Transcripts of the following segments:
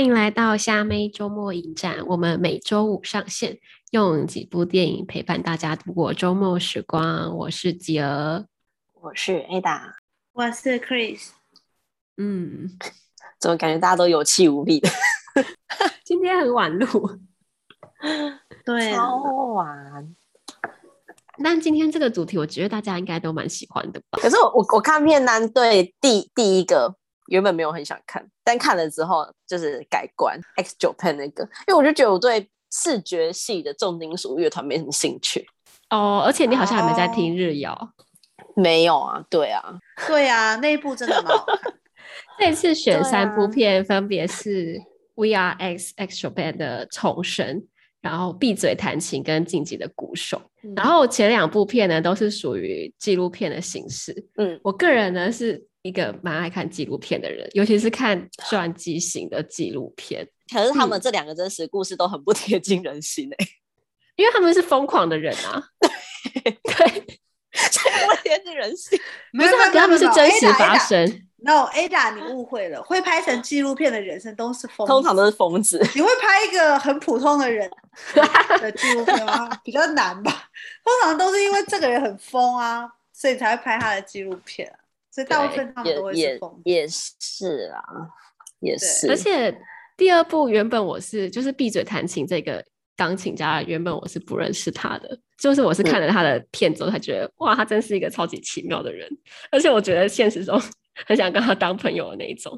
歡迎來到蝦妹周末影展，我們每周五上線，用幾部電影陪伴大家度過周末時光。我是吉兒，我是 Ada，a 我是 Chris。嗯，怎麼感覺大家都有氣無力的？ 今天很晚錄、嗯，對、啊，超晚。但今天這個主題，我覺得大家應該都蠻喜歡的吧？可是我我我看片單對第第一個。原本沒有很想看，但看了之後就是改觀。X Japan 那個，因為我就覺得我對視覺系的重金屬樂團沒什麼興趣哦。而且你好像還沒在聽日謠、哦，沒有啊？對啊，對啊，那一部真的好。這 次選三部片，分別是 We are X X Japan 的重生，然後閉嘴彈琴跟進擊的鼓手。嗯、然後前兩部片呢都是屬於紀錄片的形式。嗯，我個人呢是。一個蠻愛看紀錄片的人，尤其是看傳記型的紀錄片。可是他們這兩個真實故事都很不貼近人心誒、欸嗯，因為他們是瘋狂的人啊。 對，不貼近人心。不是，他們他們是真實發生。 No，Ada，你誤會了。會拍成紀錄片的人生都是瘋，通常都是瘋子。 你會拍一個很普通的人的紀錄片嗎？ 比較難吧。通常都是因為這個人很瘋啊，所以才會拍他的紀錄片。所以大部分他們都會是瘋。也，也是啊，也是。而且第二部原本我是就是閉嘴彈琴這個鋼琴家，原本我是不認識他的，就是我是看了他的片之後才覺得，哇，他真是一個超級奇妙的人。而且我覺得現實中很想跟他當朋友的那一種。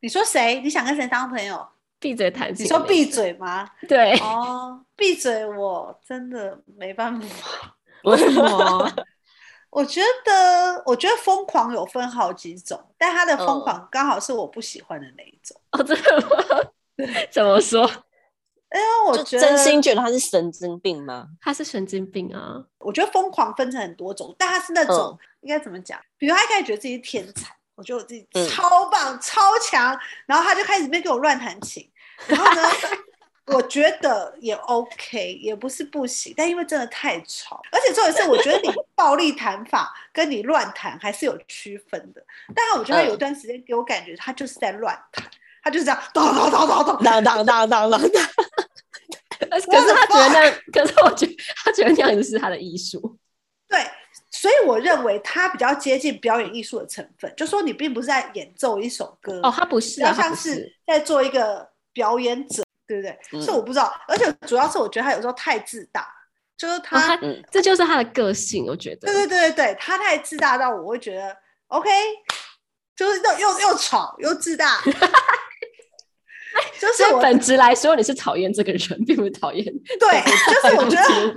你說誰？你想跟誰當朋友？閉嘴彈琴。你說閉嘴嗎？對。哦，閉嘴，我真的沒辦法。為什麼？ 我覺得，我覺得瘋狂有分好幾種，但他的瘋狂剛好是我不喜歡的那一種。哦，真的嗎？怎麼說？哎呦，我覺得真心覺得他是神經病嗎？他是神經病啊！我覺得瘋狂分成很多種，但他是那種、嗯、應該怎麼講？比如他一開始覺得自己天才，我覺得我自己超棒、嗯、超強，然後他就開始隨便給我亂彈琴，然後呢？ 我覺得也 OK，也不是不行，但因為真的太吵，而且重點是，我覺得你暴力彈法跟你亂彈還是有區分的。當然，我覺得他有段時間給我感覺他就是在亂彈、嗯，他就是這樣噹噹噹噹噹噹噹噹噹噹。可是他覺得， 可是我覺得他覺得那樣是他的藝術。對，所以我認為他比較接近表演藝術的成分，就說你並不是在演奏一首歌，哦，他不是、啊，他像是在做一個表演者。對不對，對？是、嗯、我不知道，而且主要是我覺得他有時候太自大，就是他，哦他嗯、這就是他的個性。我覺得，對對對對他太自大到我會覺得，OK，就是又又又吵又自大， 哎、就是我本質來說你是討厭這個人，並不討厭。對， 就是我覺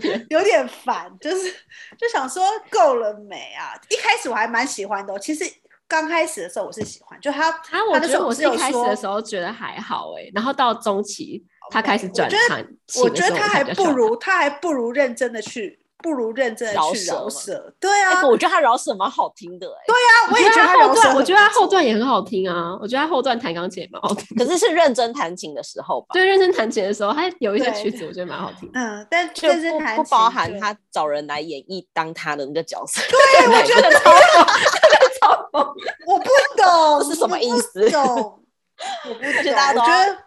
得有點煩，就是就想說夠了沒啊！一開始我還蠻喜歡的、哦，其實。剛開始的時候我是喜歡，就他、啊、他時，我覺得我是一開始的時候覺得還好哎、欸，然後到中期他開始轉行、Okay，我覺得他還不如他還不如認真的去，不如認真的去饒舌對啊，欸、我覺得他饒舌蠻好聽的哎、欸，對啊，我也覺得後段，我覺得他後段也很好聽啊，我覺得他後段彈鋼琴也蠻好聽，可是是認真彈琴的時候吧，對， 認真彈琴的時候，他有一些曲子我覺得蠻好聽，嗯，但就是不，不包含他找人來演繹當他的那個角色，對 我覺得好。 我不懂 是什麼意思，我不懂。我懂 覺得大家都覺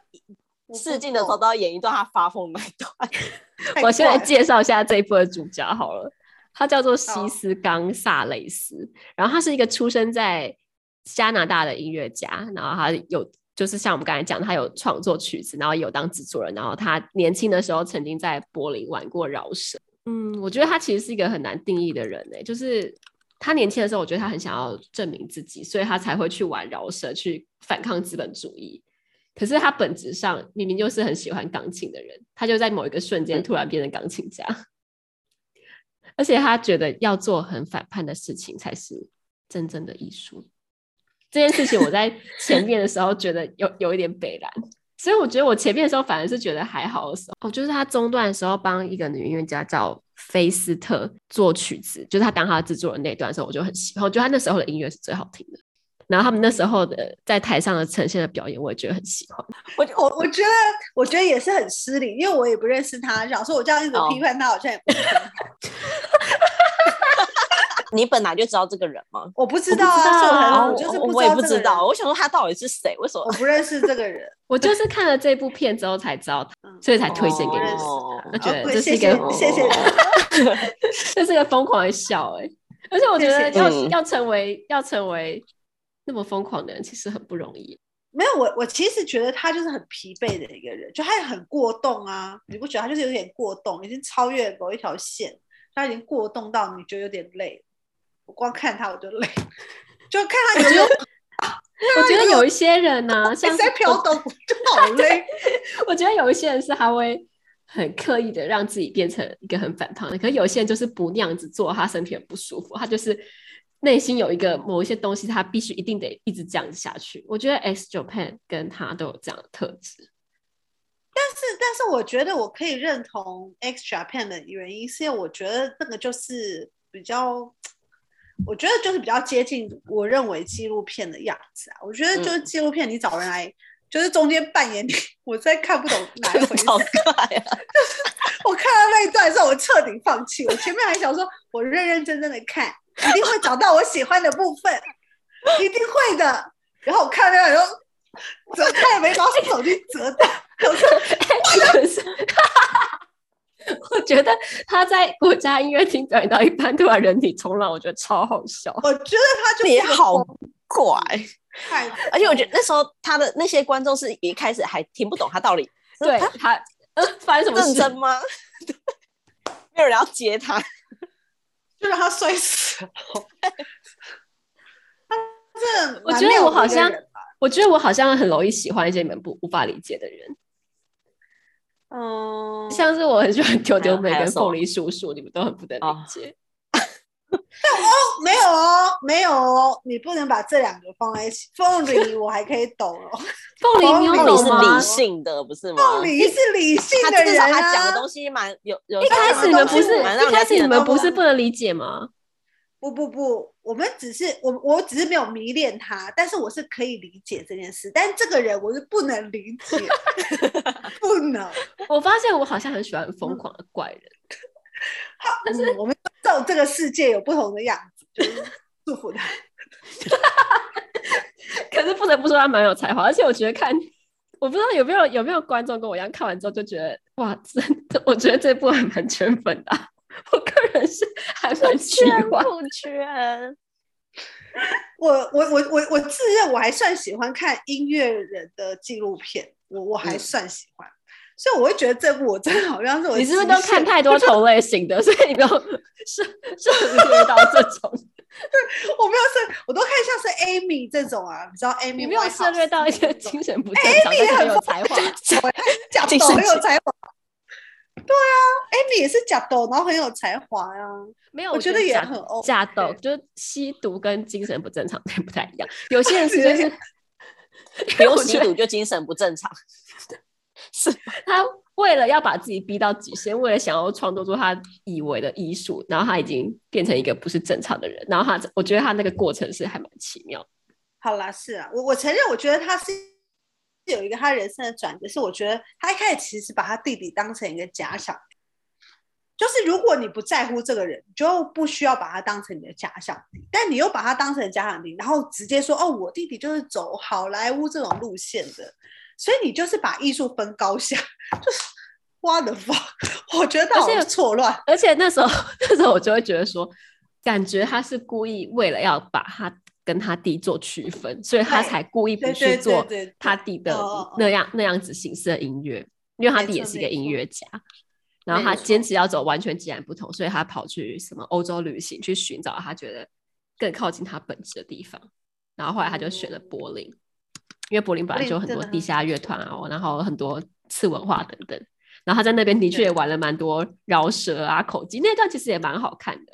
得試鏡的時候都要演一段他發瘋的那段 我先來介紹一下這一部的主角好了，他叫做西斯岡薩雷斯，oh. 然後他是一個出生在加拿大的音樂家，然後他有就是像我們剛才講，他有創作曲子，然後有當製作人，然後他年輕的時候曾經在柏林玩過饒舌。嗯，我覺得他其實是一個很難定義的人呢、欸，就是。他年輕的時候，我覺得他很想要證明自己，所以他才會去玩饒舌，去反抗資本主義。可是他本質上明明就是很喜歡鋼琴的人，他就在某一個瞬間突然變成鋼琴家，嗯，而且他覺得要做很反叛的事情才是真正的藝術。這件事情我在前面的時候覺得有 有一點白爛。所以我覺得我前面的時候反而是覺得還好的時候，哦，就是他中段的時候幫一個女音樂家叫菲斯特做曲子，就是他當他制作人那段的時候，我就很喜歡，就他那時候的音樂是最好聽的。然後他們那時候的在台上的呈現的表演，我也覺得很喜歡。我我我覺得我覺得也是很失禮，因為我也不認識他，想說我這樣子批判他好像也不是很好。Oh. 你本來就知道這個人嗎？我不知道啊，我，我就是我也不知道、這個。我想說他到底是誰？為什麼我不認識這個人？ 我就是看了這部片之後才知道他、嗯，所以才推薦給你、哦。我覺得這是一個，哦、謝謝，哦、 這是一個瘋狂的笑誒、欸。而且我覺得要謝謝要成為、嗯、要，成為要成為那麼瘋狂的人，其實很不容易。沒有，我我其實覺得他就是很疲憊的一個人，就他也很過動啊，你不覺得他就是有點過動，已經超越某一條線，他已經過動到你覺得有點累了。我光看他我就累，就看他有沒、啊、 有一。我覺得有一些人呢、啊，SIPO、像在飄動就好累。 我覺得有一些人是他會很刻意的讓自己變成一個很反抗的，可是有些人就是不那樣子做，他身體很不舒服。他就是內心有一個某一些東西，他必須一定得一直這樣子下去。我覺得 X Japan 跟他都有這樣的特質。但是，但是我覺得我可以認同 X Japan 的原因，是因為我覺得這個就是比較。我覺得就是比較接近我認為紀錄片的樣子啊。我覺得就是紀錄片，你找人來、嗯，就是中間扮演你。我在看不懂哪一回事，好尬啊！ 就是我看到那一段之後，我徹底放棄。我前面還想說，我認認真真的看，一定會找到我喜歡的部分， 一定會的。然後我看到那段，然後怎麼他也沒把手機折斷，我 說可是，哈哈哈。 我覺得他在國家音樂廳表演到一半，突然人體衝浪，我覺得超好笑。我覺得他就得也好怪， 而且我覺得那時候他的那些觀眾是一開始還聽不懂他到底他對他他，他、呃、發生什麼認真嗎？ 沒有人要接他 ，就讓他摔死。我覺得我好像 ，我覺得我好像很容易喜歡一些你們不無法理解的人。嗯，像是我很喜歡丟丟妹跟鳳梨叔叔，你們都很不能理解。哦 但我，沒有哦，沒有哦，你不能把這兩個放在一起。鳳 梨我還可以懂哦，鳳梨你有，鳳梨是理性的，不是嗎？鳳梨是理性的人，啊、他講的東西蠻有有，有。一開始你們不是，一開始你們不是不能理解嗎？你們不是不能理解嗎？不不不，我們只是我我只是沒有迷戀他，但是我是可以理解這件事，但這個人我是不能理解。 我發現我好像很喜歡瘋狂的怪人。好、嗯，但是、嗯、我們造這個世界有不同的樣子，祝福他。 可是不得不說他蠻有才華，而且我覺得看，我不知道有沒有有沒有觀眾跟我一樣看完之後就覺得哇，真的，我覺得這部還蠻圈粉的、啊。我個人是還算喜歡圈。我全全我我我我自認我還算喜歡看音樂人的紀錄片，我我還算喜歡。嗯所以我會覺得這部我真的好像是我。你是不是都看太多同類型的？ 所以你都是，涉獵，到這種？ 對我沒有涉，我都看像是 Amy 這種啊，你知道 Amy 你沒有涉獵到一些精神不正常、欸有才華欸、也很， 我很有才華、假抖很有才華。對啊，Amy 也是假抖，然後很有才華啊。沒有，我覺得也很 O、oh.。假抖、欸、就吸毒跟精神不正常 不太一樣。有些人是就是 有吸毒就精神不正常。 是他為了要把自己逼到極限，為了想要創作出他以為的藝術，然後他已經變成一個不是正常的人。然後他，我覺得他那個過程是還蠻奇妙。好啦，是啊，我我承認，我覺得他是有一個他人生的轉折。是我覺得他一開始其實把他弟弟當成一個假想敵，就是如果你不在乎這個人，就不需要把他當成你的假想敵，但你又把他當成假想敵，然後直接說：“哦，我弟弟就是走好萊塢這種路線的。”所以你就是把藝術分高下，就是哇，的哇，我覺得好錯亂。而且那時候，那時候我就會覺得說，感覺他是故意為了要把他跟他弟做區分，所以他才故意不去做他弟的那樣那樣子形式的音樂，因為他弟也是一個音樂家。然後他堅持要走完全截然，然，然不同，所以他跑去什麼歐洲旅行，去尋找他覺得更靠近他本質的地方。然後後來他就選了柏林。嗯。因為柏林本來就有很多地下樂團啊，然後很多次文化等等，然後他在那邊的確也玩了蠻多饒舌啊、口技那段，其實也蠻好看的。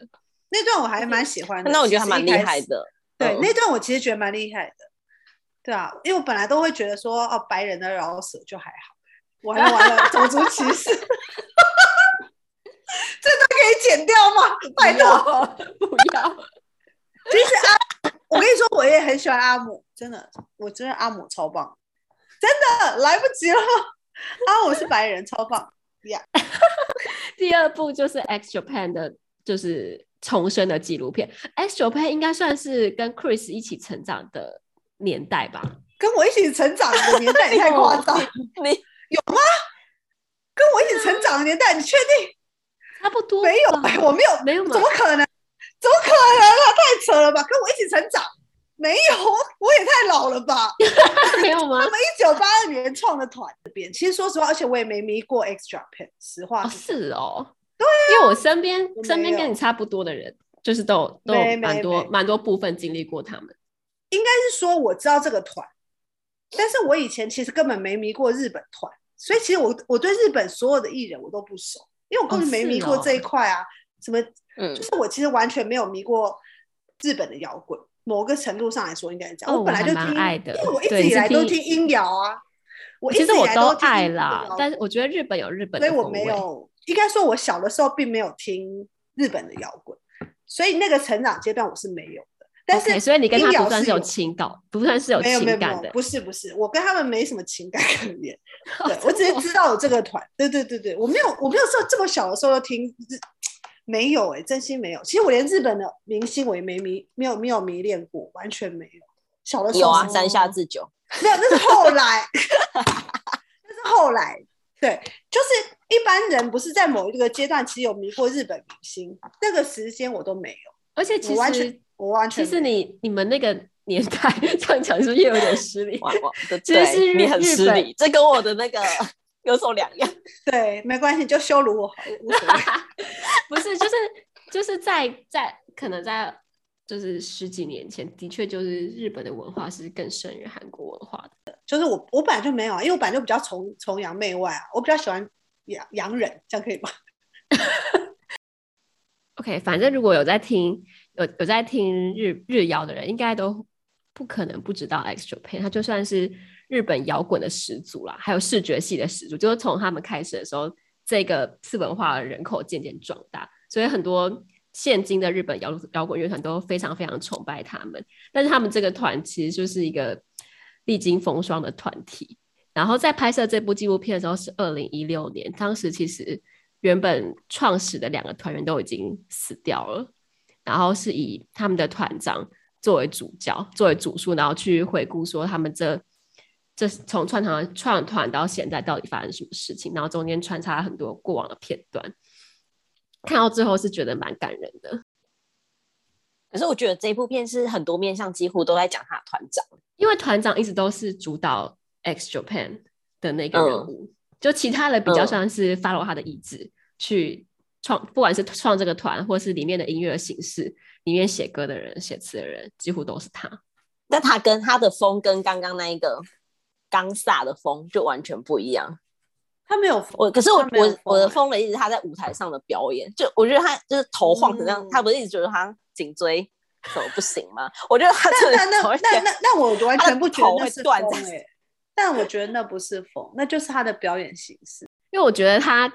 那段我還蠻喜歡的。那我覺得他蠻厲害的，對、哦。對，那段我其實覺得蠻厲害的。對啊，因為我本來都會覺得說，哦，白人的饒舌就還好，我還玩了種族歧視， 這段可以剪掉嗎？拜托，不要。 其實阿，我跟你說，我也很喜歡阿姆，真的，我真的阿姆超棒，真的來不及了。阿姆是白人， 超棒。Yeah. 第二部就是《X Japan》的，就是重生的紀錄片。《X Japan》應該算是跟 Chris 一起成長的年代吧？跟我一起成長的年代太誇張， 你有，有嗎？跟我一起成長的年代， 你確定？差不多沒有？我沒有，沒有怎麼可能？ 怎麼可能了、啊？太扯了吧！跟我一起成長，沒有，我也太老了吧？ 沒有嗎？我 們一九八二年創的團這邊，其實說實話，而且我也沒迷過 X Japan。實話不哦是哦對、啊，因為我身邊身邊跟你差不多的人，就是都有都蠻多蠻多部分經歷過他們。應該是說我知道這個團，但是我以前其實根本沒迷過日本團，所以其實我我對日本所有的藝人我都不熟，因為我根本沒迷過這一塊啊、哦哦，什麼。就是我其實完全沒有迷過日本的搖滾，某個程度上來說應該講、哦，我本來就聽、哦、愛的，因為我一直以來都聽音搖啊。我一直以來其實我都愛啦，但是我覺得日本有日本的，所以我沒有應該說，我小的時候並沒有聽日本的搖滾， 所以那個成長階段我是沒有的。但是，是 okay, 所以你跟他不算是有情感，不算是有情感的，不是不是，我跟他們沒什麼情感可言、哦。對我只是知道有這個團，對，對對對對，我沒有我沒有說這麼小的時候聽。沒有哎、欸，真心沒有。其實我連日本的明星我也沒迷，沒有沒有迷戀過，完全沒有。小的時候有，有啊，山下智久沒有，那是後來，那 是後來。對，就是一般人不是在某一個階段，只有迷過日本明星，那個時間我都沒有。而且其實我完全，我完全其實你你們那個年代，唱腔是不是又有點失禮？ 哇，是你很失禮本，這跟我的那個有所 兩樣。對，沒關係，就羞辱我，我 不是，就是就是在在可能在就是十幾年前，的確就是日本的文化是更勝於韓國文化的。就是我我本來就沒有啊，因為我本來就比較崇崇洋媚外啊，我比較喜歡洋洋人，這樣可以嗎 ？OK，反正如果有在聽有有在聽日日謠的人，應該都不可能不知道 X JAPAN 他就算是日本搖滾的始祖啦，還有視覺系的始祖，就是從他們開始的時候。這個次文化人口漸漸壯大，所以很多現今的日本搖搖滾樂團都非常非常崇拜他們。但是他們這個團其實就是一個歷經風霜的團體。然後在拍攝這部紀錄片的時候是二零一六年，當時其實原本創始的兩個團員都已經死掉了，然後是以他們的團長作為主角，作為主述，然後去回顧說他們這。從串行創團到現在，到底發生什麼事情？然後中間穿插很多過往的片段，看到最後是覺得蠻感人的。可是我覺得這部片是很多面向幾乎都在講他的團長，因為團長一直都是主導 X Japan 的那個人物，嗯、就其他的比較像是 follow 他的意志、嗯、去創，不管是創這個團，或是裡面的音樂形式，裡面寫歌的人、寫詞的人幾乎都是他。那他跟他的風跟剛剛那一個。岡薩的瘋就完全不一樣，他沒有瘋我可是我我、欸、我的瘋雷一直他在舞台上的表演，就我覺得他就是頭晃，可、嗯、樣、嗯，他不是一直覺得他頸椎怎麼不行嗎？ 我覺得他真的不會斷、欸啊欸，但我覺得那不是瘋，那就是他的表演形式。因為我覺得他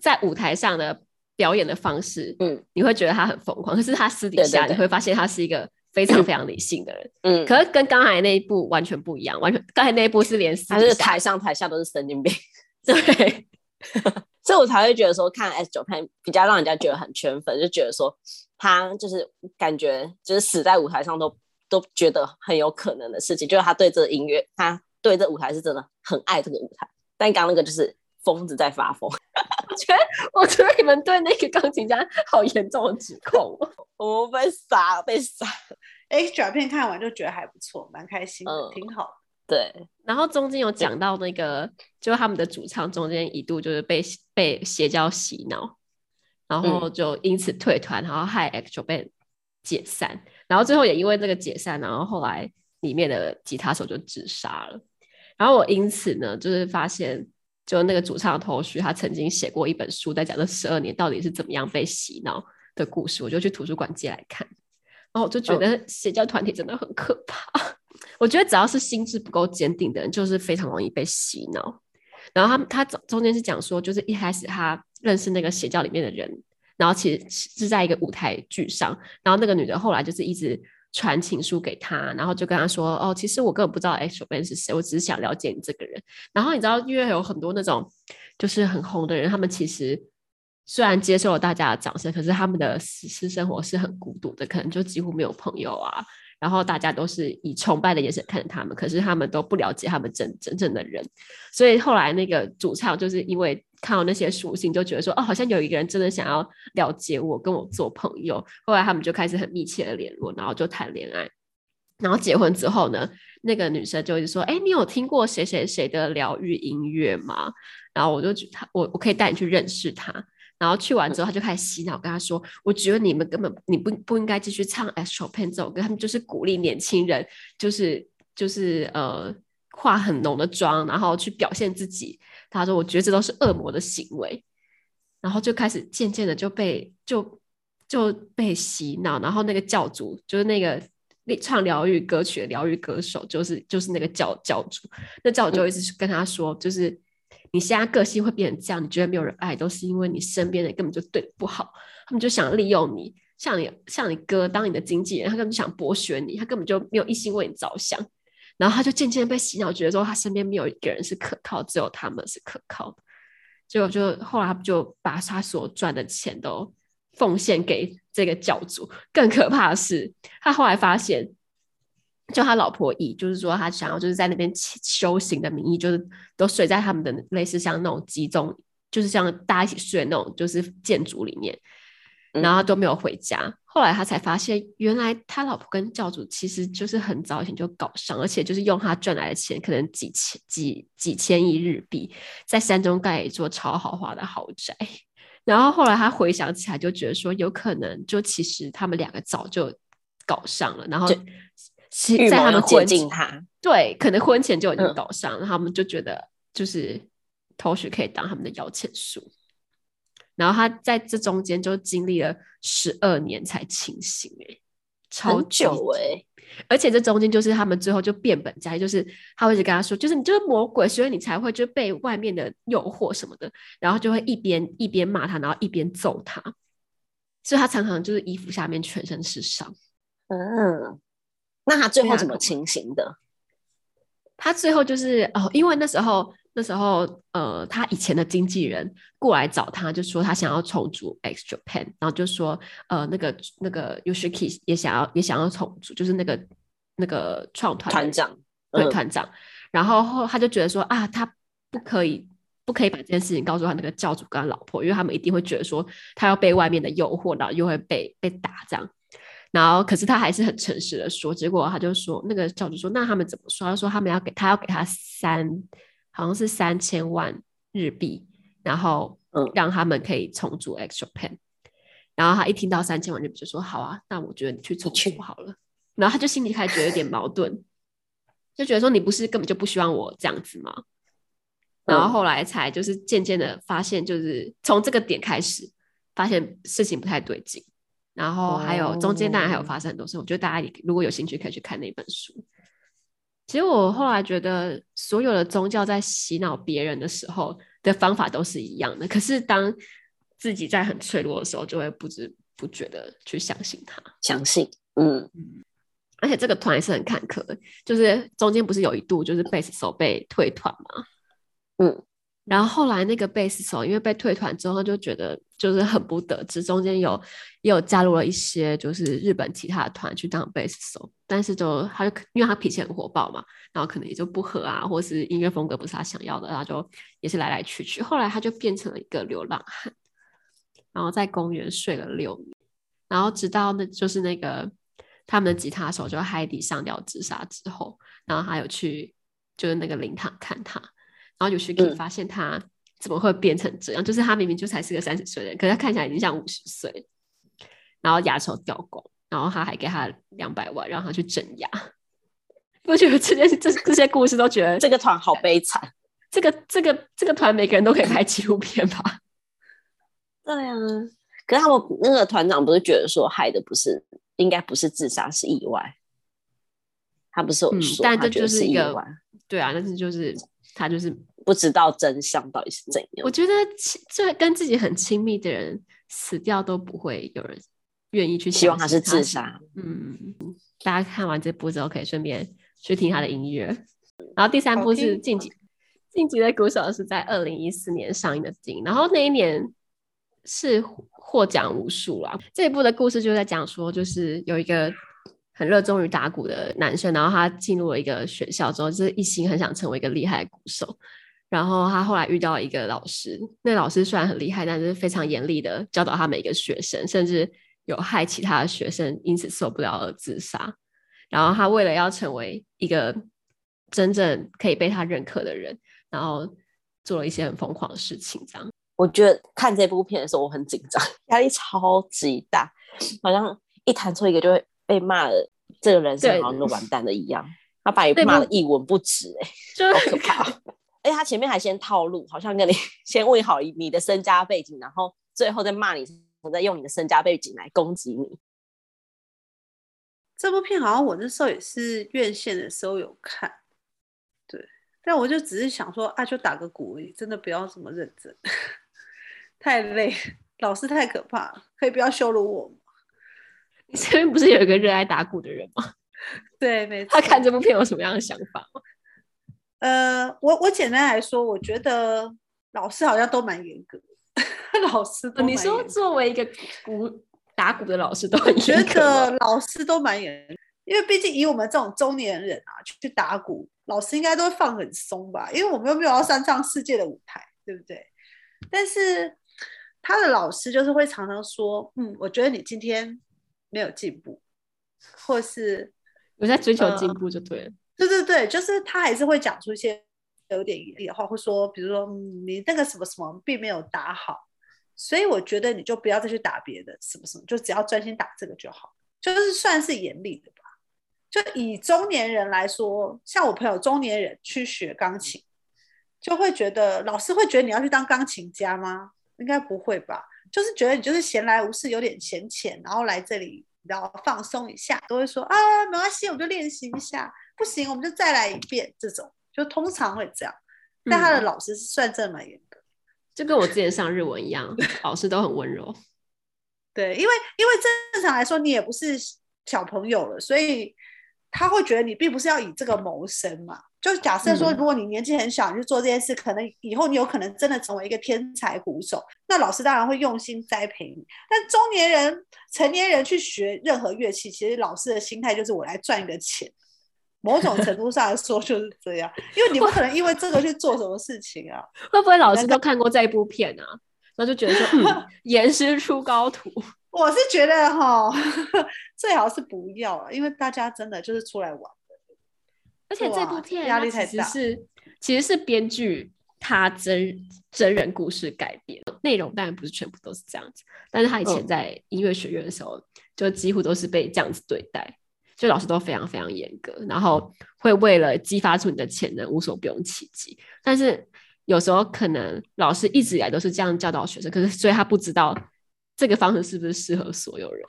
在舞台上的表演的方式，嗯，你會覺得他很瘋狂，可是他私底下對對對對，你會發現他是一個。非常非常理性的人，嗯，可是跟剛才那一部完全不一樣，完全剛才那一部是連死，還是台上台下都是神經病，對， 所以我才會覺得說看 X Japan 比較讓人家覺得很圈粉，就覺得說他就是感覺就是死在舞台上都、嗯、都覺得很有可能的事情，就是他對這個音樂，他對這個舞台是真的很愛這個舞台，但剛那個就是。瘋子在發瘋， 我覺得，我覺得你們對那個鋼琴家好嚴重的指控， 我被殺，被殺。X J 片看完就覺得還不錯，蠻開心，嗯，挺好。對，然後中間有講到那個，就他們的主唱中間一度就是被被邪教洗腦，然後就因此退團，然後害 X J 被解散，然後最後也因為這個解散，然後後來裡面的吉他手就自殺了，然後我因此呢，就是發現。就那個主唱的 Toshi，他曾經寫過一本書，在講這十二年到底是怎麼樣被洗腦的故事。我就去圖書館借來看，然後我就覺得邪教團體真的很可怕。Oh. 我覺得只要是心智不夠堅定的人，就是非常容易被洗腦。然後他他中中間是講說，就是一開始他認識那個邪教裡面的人，然後其實是在一個舞台劇上，然後那個女的後來就是一直。傳情書給他，然後就跟他說：“哦，其實我根本不知道 X Japan 是誰，我只是想了解你這個人。”然後你知道，因為有很多那種就是很紅的人，他們其實雖然接受了大家的掌聲，可是他們的私私生活是很孤獨的，可能就幾乎沒有朋友啊。然後大家都是以崇拜的眼神看着他們，可是他們都不了解他們真真正的人。所以後來那個主唱就是因為。看到那些屬性就覺得說哦，好像有一個人真的想要了解我，跟我做朋友。後來他們就開始很密切的聯絡，然後就談戀愛。然後結婚之後呢，那個女生就一直說：“哎、欸，你有聽過誰誰誰的療癒音樂嗎？”然後我就覺得我我可以帶你去認識他。然後去完之後，他就開始洗腦，跟他說：“我覺得你們根本你不不應該繼續唱《Astro Pen》這首歌。”他們就是鼓勵年輕人、就是，就是就是呃化很濃的妝，然後去表現自己。他說：“我覺得這都是惡魔的行為，然後就開始漸漸的就被就就被洗腦。然後那個教主就是那個唱療癒歌曲的療癒歌手，就是就是那個教教主。那教主就一直跟他說、嗯，就是你現在個性會變成這樣，你覺得沒有人愛，都是因為你身邊的人根本就對你不好。他們就想利用你，像你像你哥當你的經紀人，他根本就想剝削你，他根本就沒有一心為你着想。”然後他就漸漸被洗腦，覺得說他身邊沒有一個人是可靠，只有他們是可靠的。結果就後來就把他所賺的錢都奉獻給這個教主。更可怕的是，他後來發現，就他老婆以，就是說他想要就是在那邊修行的名義，就是都睡在他們的類似像那種集中，就是像大家一起睡的那種就是建築裡面。然後都沒有回家、嗯，後來他才發現，原來他老婆跟教主其實就是很早以前就搞上，嗯、而且就是用他賺來的錢，可能幾千幾幾千億日幣，在山中蓋一座超豪華的豪宅。然後後來他回想起來，就覺得說，有可能就其實他們兩個早就搞上了，然後是在他們婚前，對，可能婚前就已經搞上了，了、嗯、他們就覺得就是偷學可以當他們的搖錢樹。然後他在這中間就經歷了十二年才清醒欸，超久欸！而且這中間就是他們最後就變本加厲，就是他會一直跟他說：“就是你就是魔鬼，所以你才會就被外面的誘惑什麼的。”然後就會一邊一邊罵他，然後一邊揍他，所以他常常就是衣服下面全身是傷。嗯，那他最後怎麼清醒的？他最後就是哦，因為那時候。那時候，呃，他以前的經紀人過來找他，就說他想要重組 X Japan，然後就說，呃，那個那個 Yoshiki 也想要，也想要重組，就是那個那個創團長，對，團長。嗯。然後他就覺得說，啊，他不可以，不可以把這件事情告訴他那個教主跟他老婆，因為他們一定會覺得說他要被外面的誘惑，然後又會被被打這樣。然後，可是他還是很誠實的說，結果他就說，那個教主說，那他們怎麼說？他說他們要給他要給他三。好像是三千萬日幣，然後讓他們可以重組 X Japan、嗯、然後他一聽到三千萬日幣，就說：“好啊，那我覺得你去重組好了。”然後他就心裡開始覺得有點矛盾， 就覺得說：“你不是根本就不希望我這樣子嗎？”嗯、然後後來才就是漸漸的發現，就是從這個點開始發現事情不太對勁。然後還有中間當然還有發生很多事、wow，我覺得大家如果有興趣可以去看那一本書。其實我後來覺得，所有的宗教在洗腦別人的時候的方法都是一樣的。可是當自己在很脆弱的時候，就會不知不覺的去相信他。相信，嗯。而且這個團也是很坎坷，就是中間不是有一度就是貝斯手被退團嘛。嗯。然後後來那個貝斯手因為被退團之後，他就覺得。就是很不得志，中間有也有加入了一些，就是日本其他團去當貝斯手，但是就他就因為他脾氣很火爆嘛，然後可能也就不和啊，或是音樂風格不是他想要的，然後就也是來來去去。後來他就變成了一個流浪漢，然後在公園睡了六年，然後直到那就是那個他們的吉他手就 hide 上吊自殺之後，然後他有去就是那個靈堂看他，然後有去發現他。嗯怎麼會變成這樣？就是他明明就才是個三十歲的人，可是他看起來已經像五十歲，然後牙槽掉光，然後他還給他兩百萬，讓他去整牙。我覺得這些這這些故事都覺得 這個團好悲慘，這個這個這個團每個人都可以拍紀錄片吧？對啊，可是他們那個團長不是覺得說害的不是應該不是自殺是意外，他不是我說，說、嗯，但這就是一個是對啊，但是就是。他就是不知道真相到底是怎樣。我覺得，就跟自己很親密的人死掉，都不會有人願意去。希望他是自殺。嗯，大家看完這部之後，可以順便去聽他的音樂。然後第三部是《進擊》，《進擊》的鼓手是在二零一四年上映的電影，然後那一年是獲獎無數了。這一部的故事就是在講說，就是有一個。很熱衷於打鼓的男生，然後他進入了一個學校之後，就是一心很想成為一個厲害的鼓手。然後他後來遇到一個老師，那個、老師雖然很厲害，但是非常嚴厲的教導他每個學生，甚至有害其他的學生，因此受不了而自殺。然後他為了要成為一個真正可以被他認可的人，然後做了一些很瘋狂的事情。這樣，我覺得看這部片的時候，我很緊張，壓力超級大，好像一彈錯一個就會。被罵了，這個人是好像都完蛋了一樣。他把你罵的一文不值哎、欸，好、哦、可怕！哎，他前面還先套路，好像跟你先問好你的身家背景，然後最後再罵你，再用你的身家背景來攻擊你。這部片好像我那時候也是院線的時候有看，對。但我就只是想說啊，就打個鼓勵，真的不要這麼認真，太累，老師太可怕，可以不要羞辱我。你身邊不是有一個熱愛打鼓的人嗎？對，沒錯。他看這部片有什麼樣的想法嗎？呃，我我簡單來說，我覺得老師好像都蠻嚴格。 老師，你說作為一個鼓打鼓的老師都很嚴格，我覺得老師都蠻嚴格，因為畢竟以我們這種中年人啊去打鼓，老師應該都會放很鬆吧？因為我們又沒有要上上世界的舞台，對不對？但是他的老師就是會常常說：“嗯，我覺得你今天。”沒有進步，或是我在追求進步就對了。嗯。對對對，就是他還是會講出一些有點嚴厲的話，會說，比如說你那個什麼什麼並沒有打好，所以我覺得你就不要再去打別的什麼什麼，就只要專心打這個就好。就是算是嚴厲的吧。就以中年人來說，像我朋友中年人去學鋼琴，就會覺得老師會覺得你要去當鋼琴家嗎？應該不會吧。就是覺得你就是閒來無事，有點閒錢，然後來這裡，然後放鬆一下，都會說啊，沒關係，我就練習一下，不行，我們就再來一遍，這種就通常會這樣。但他的老師是算這麼嚴格。嗯，就跟我之前上日文一樣， 老師都很溫柔。對，因為因為正常來說你也不是小朋友了，所以他會覺得你並不是要以這個謀生嘛。就假設說，如果你年紀很小，你去做這件事，可能以後你有可能真的成為一個天才鼓手。那老師當然會用心栽培你。但中年人、成年人去學任何樂器，其實老師的心態就是我來賺一個錢。某種程度上來說就是這樣， 因為你不可能因為這個去做什麼事情啊。會不會老師都看過這一部片啊？那就覺得說，嚴 師、嗯、出高徒。我是覺得哈，最好是不要了，因為大家真的就是出來玩。而且這部片其實是壓力太大，其實是編劇他真、真人故事改編，內容當然不是全部都是這樣子。但是他以前在音樂學院的時候、嗯，就幾乎都是被這樣子對待，所以老師都非常非常嚴格，然後會為了激發出你的潛能無所不用其極。但是有時候可能老師一直以來都是這樣教導學生，可是所以他不知道這個方式是不是適合所有人。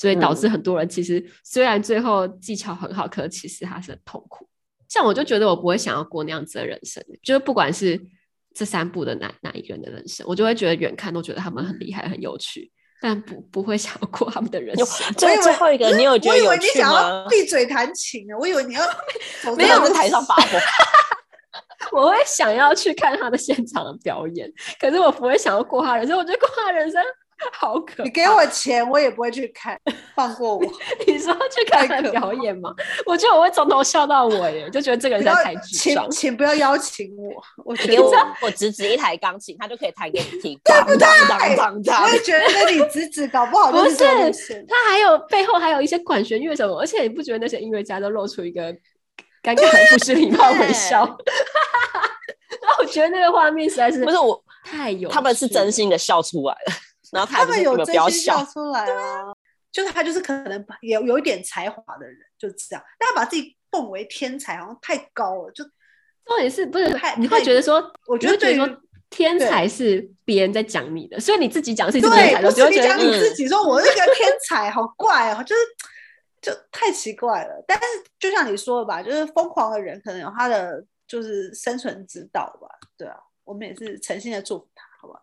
所以導致很多人其實雖然最後技巧很好、嗯，可是其實他是很痛苦。像我就覺得我不會想要過那樣子的人生，就是不管是這三部的哪哪一員的人生，我就會覺得遠看都覺得他們很厲害、很有趣，但不不會想要過他們的人生。所以 最後一個，你有覺得有趣嗎？我以為你想要閉嘴彈琴啊！我以為你要沒有在台上把火。 我會想要去看他的現場的表演，可是我不會想要過他人生。我覺得過他人生。好可，你給我錢我也不會去看，放過我。 你，你說去看他表演嗎？我覺得我會從頭笑到尾，就覺得這個人實在太誇張。請不要邀請我，我給我我姪子，一台鋼琴，他就可以彈給你聽。對不對？我覺得你侄子搞不好不是，他還有背後還有一些管弦樂什麼，而且你不覺得那些音樂家都露出一個尷尬不失禮貌微笑？然後我覺得那個畫面實在是不是我太有，他們是真心的笑出來了。然後他們，有，有，他們有真心笑出來啊。就是他就是可能有有一點才華的人，就是這樣。但他把自己奉為天才，好像太高了。就重點、哦、是不是？太，你會覺得說，覺得說我覺得對你覺得說天才是別人在講你的，所以你自己講是天才。對，就只你就你講你自己說、嗯、我是個天才，好怪哦、啊，就是就太奇怪了。但是就像你說的吧，就是瘋狂的人可能有他的就是生存之道吧，對啊。我們也是誠心的祝福他。好吧，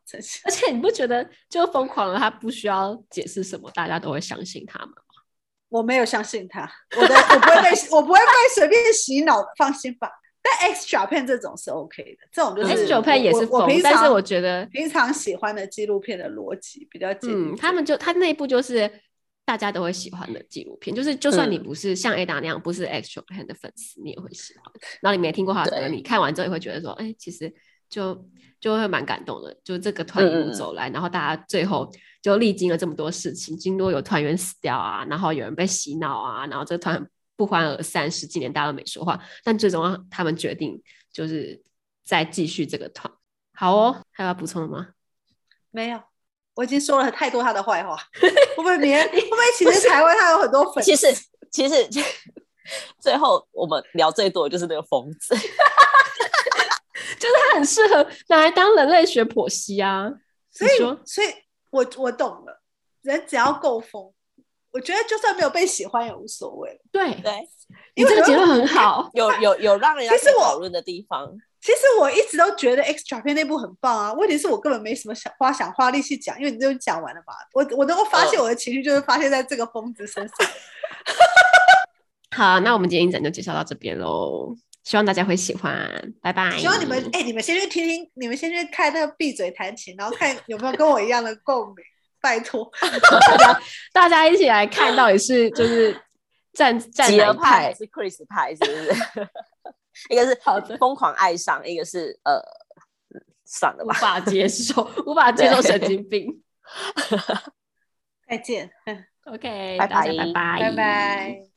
而且你不覺得就瘋狂了？他不需要解釋什麼，大家都會相信他嗎？ 我沒有相信他，我的我不會被 我不會被隨便洗腦的，放心吧。但 X Japan 這種是 OK 的，這種就是 X Japan 也是 OK 的。但是我覺得平常喜歡的紀錄片的邏輯比較緊、嗯，他們就他那部就是大家都會喜歡的紀錄片、嗯，就是就算你不是像 Ada 那樣不是 X Japan 的粉絲，你也會喜歡。嗯、然後你沒聽過他的歌，你看完之後也會覺得說，哎、欸，其實。就就會蠻感動的，就這個團一路走來、嗯，然後大家最後就歷經了這麼多事情，經過有團員死掉啊，然後有人被洗腦啊，然後這個團不歡而散，十幾年大家都沒說話，但最終他們決定就是再繼續這個團。好哦，嗯、還有要補充嗎？沒有，我已經說了太多他的壞話。我本來，我本來 其實台灣他有很多粉絲，其實其實最後我們聊最多的就是那個瘋子。 就是它很適合拿來當人類學剖析啊，所以說，所以我我懂了，人只要夠瘋，我覺得就算沒有被喜歡也無所謂。對對，因為你這個結論很好，有有有讓人家討論的地方其。其實我一直都覺得 X JAPAN 那部很棒啊，問題是我根本沒什麼想花想花力氣講，因為你都講完了吧？我我能夠發洩我的情緒，就是發洩在這個瘋子身上。Oh. 好，那我們今天影展就介紹到這邊嘍。希望大家會喜歡，拜拜。希望你們，哎、欸，你們先去聽聽，你們先去看那個《閉嘴彈琴》，然後看有沒有跟我一樣的共鳴， 拜託託。 大家，大家一起來看，到底是就是 站，站哪一派，吉兒派是 Chris 派，是不是？ 一個是好瘋狂愛上， 一個是呃，算了吧，無法接受，無法接受，神經病。 再見，OK，拜拜拜拜拜。拜拜。